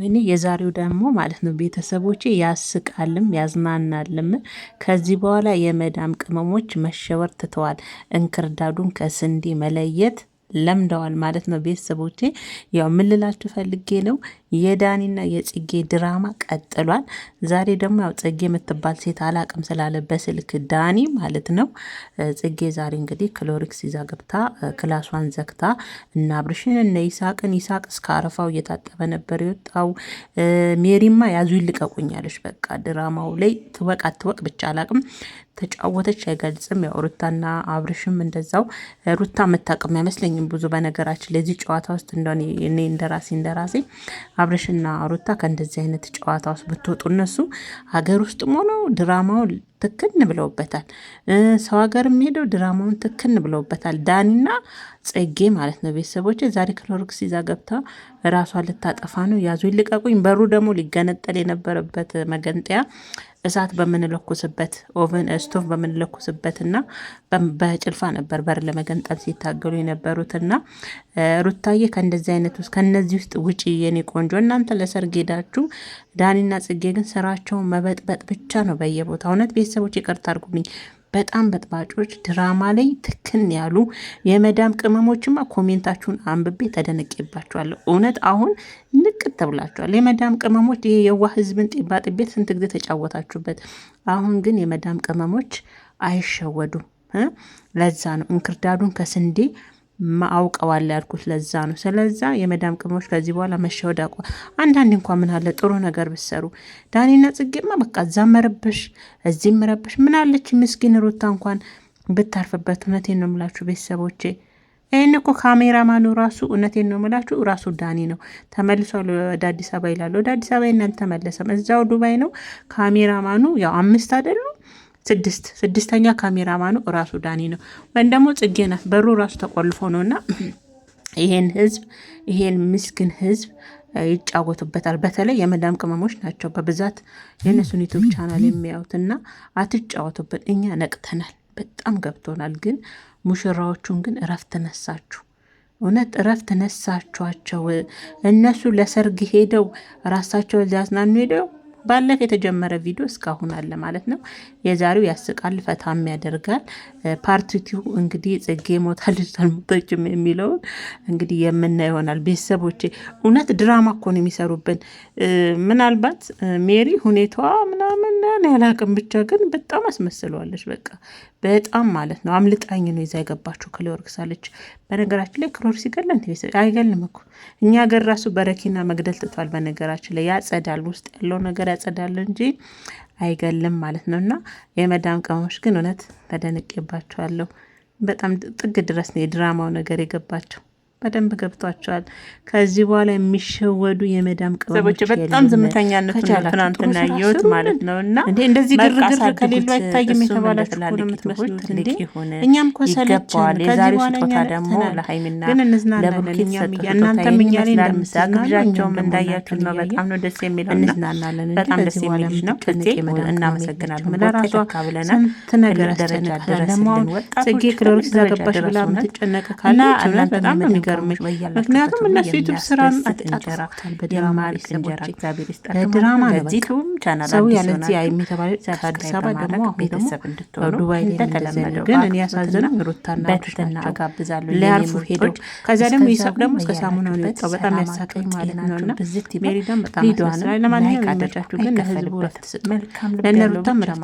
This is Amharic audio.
ወይኔ የዛሬው ደግሞ ማለት ነው ቤተሰቦቼ ያስቃልም ያዝናናልም። ከዚህ በኋላ የመዳም ቅመሞች መሸወር ትተዋል። እንክርዳዱን ከስንዴ መለየት ለምደዋል ማለት ነው ቤተሰቦቼ። ያው ምን ፈልጌ ነው የዳኒና የጽጌ ድራማ ቀጥሏል። ዛሬ ደግሞ ያው ጽጌ የምትባል ሴት አላቅም ስላለ በስልክ ዳኒ ማለት ነው። ጽጌ ዛሬ እንግዲህ ክሎሪክስ ይዛ ገብታ ክላሷን ዘግታ እና አብርሽን እነ ይሳቅን ይሳቅ እስከ አረፋው እየታጠበ ነበር የወጣው። ሜሪማ ያዙ ይልቀቁኛለች። በቃ ድራማው ላይ ትወቅ አትወቅ ብቻ አላቅም ተጫወተች አይገልጽም። ያው ሩታና አብርሽም እንደዛው ሩታ የምታውቅም አይመስለኝም ብዙ በነገራችን ለዚህ ጨዋታ ውስጥ እንደሆነ እኔ እንደራሴ እንደራሴ አብረሽና ሩታ ከእንደዚህ አይነት ጨዋታ ውስጥ ብትወጡ እነሱ ሀገር ውስጥም ሆነው ድራማው ትክን ብለውበታል። ሰው ሀገር የሚሄደው ድራማውን ትክን ብለውበታል። ዳኒና ጽጌ ማለት ነው። ቤተሰቦች ዛሬ ክሎሮክስ ይዛ ገብታ ራሷን ልታጠፋ ነው። ያዙ ይልቀቁኝ። በሩ ደግሞ ሊገነጠል የነበረበት መገንጠያ እሳት በምንለኩስበት ኦቨን ስቶቭ በምንለኩስበትና በጭልፋ ነበር በር ለመገንጠል ሲታገሉ የነበሩትና ሩታዬ ከእንደዚህ አይነት ውስጥ ከእነዚህ ውስጥ ውጪ የኔ ቆንጆ። እናንተ ለሰርግ ሄዳችሁ ዳኒና ጽጌ ግን ስራቸውን መበጥበጥ ብቻ ነው በየቦታ እውነት ቤተሰ ቤተሰቦች ይቅርታ አድርጉልኝ። በጣም በጥባጮች ድራማ ላይ ትክን ያሉ የመዳም ቅመሞችማ ኮሜንታችሁን አንብቤ ተደነቄባችኋለሁ። እውነት አሁን ንቅት ተብላችኋል። የመዳም ቅመሞች ይሄ የዋ ህዝብን ጢባ ስንት ጊዜ ተጫወታችሁበት። አሁን ግን የመዳም ቅመሞች አይሸወዱም። ለዛ ነው እንክርዳዱን ከስንዴ አውቀዋለሁ ያልኩት ለዛ ነው። ስለዛ የመዳም ቅመሞች ከዚህ በኋላ መሸወድ አቋ አንዳንድ እንኳ ምን አለ ጥሩ ነገር ብሰሩ ዳኒና ጽጌማ በቃ እዛ መረበሽ እዚህ መረበሽ ምን አለች ምስኪን ሩታ እንኳን ብታርፍበት። እውነቴን ነው የምላችሁ ቤተሰቦቼ። ይህን እኮ ካሜራማኑ ራሱ እውነቴን ነው የምላችሁ ራሱ ዳኒ ነው ተመልሷል ወደ አዲስ አበባ ይላሉ። ወደ አዲስ አበባ ይናል ተመለሰም እዛው ዱባይ ነው ካሜራማኑ። ያው አምስት አይደሉ ስድስት ስድስተኛ ካሜራማኑ ራሱ ዳኒ ነው ወይም ደግሞ ጽጌ ናት። በሩ ራሱ ተቆልፎ ነው እና ይሄን ህዝብ ይሄን ምስግን ህዝብ ይጫወቱበታል። በተለይ የመዳም ቅመሞች ናቸው በብዛት የእነሱን ዩቱብ ቻናል የሚያዩትና አትጫወቱበት። እኛ ነቅተናል፣ በጣም ገብቶናል። ግን ሙሽራዎቹን ግን እረፍት ነሳችሁ እውነት እረፍት ነሳችኋቸው። እነሱ ለሰርግ ሄደው ራሳቸው ሊያዝናኑ ሄደው ባለፈ የተጀመረ ቪዲዮ እስካሁን አለ ማለት ነው። የዛሬው ያስቃል፣ ፈታም ያደርጋል። ፓርቲቲው እንግዲህ ጽጌ ሞታለች አልሞተችም የሚለውን እንግዲህ የምና ይሆናል። ቤተሰቦቼ እውነት ድራማ እኮ ነው የሚሰሩብን። ምናልባት ሜሪ ሁኔታዋ ምናምን ያላቅም ብቻ ግን በጣም አስመስለዋለች። በቃ በጣም ማለት ነው። አምልጣኝ ነው ይዛ የገባችው ክሎርክስ አለች። በነገራችን ላይ ክሎር ሲገለን አይገልም እኮ እኛ ገር ራሱ በረኪና መግደል ትቷል። በነገራችን ላይ ያጸዳል፣ ውስጥ ያለው ነገር ያጸዳል እንጂ አይገልም ማለት ነው። እና የመዳም ቅመሞች ግን እውነት ተደንቄባቸዋለሁ። በጣም ጥግ ድረስ ነው የድራማው ነገር የገባቸው። በደንብ ገብቷቸዋል። ከዚህ በኋላ የሚሸወዱ የመዳም ቅበቦች በጣም ዝምተኛነቱ ትናንትና ያየሁት ማለት ነው። እና እንደዚህ ግርግር ከሌሉ አይታይም የተባላችሁ እኛም እኮ ሰለቸን። ከዚህ በኋላ ደግሞ ለሀይሚና እናንተም እኛ ላይ እንዳያችሁ ነው። በጣም ነው ደስ የሚለው እንዝናናለን። በጣም ደስ የሚለች ነው። እናመሰግናለን። ለራሷ ብለናል ትነገር ደረጃ ደረስልን ወጣቶች ዛገባሽ ብላ ደረሱነት ካለ እናንተ በጣም ነው የሚገ የሚገርምሽ ምክንያቱም እነሱ ዩቱብ ስራን አጥቃጥሰውታል። በድራማ ልክ እንጀራ እግዚአብሔር ይስጣል። ድራማ ለዚቱም ሰው ያለዚህ የሚተባለ ከአዲስ አበባ ደግሞ ቤተሰብ ደግሞ ተለመደ። ግን እኔ ያሳዝነው ሩታና በትትና አጋብዛለሁ ሊያርፉ ሄደው ከዚያ ደግሞ ይሰብ ደግሞ እስከ ሳሙና የወጣው በጣም ያሳቀኝ ማለት ነው። እና ሜሪዳን በጣም ስላለ ለማንኛውም ቃደጫችሁ ግን ለህዝቡ ረፍት ስጥ መልካም ለነሩታ ምረማ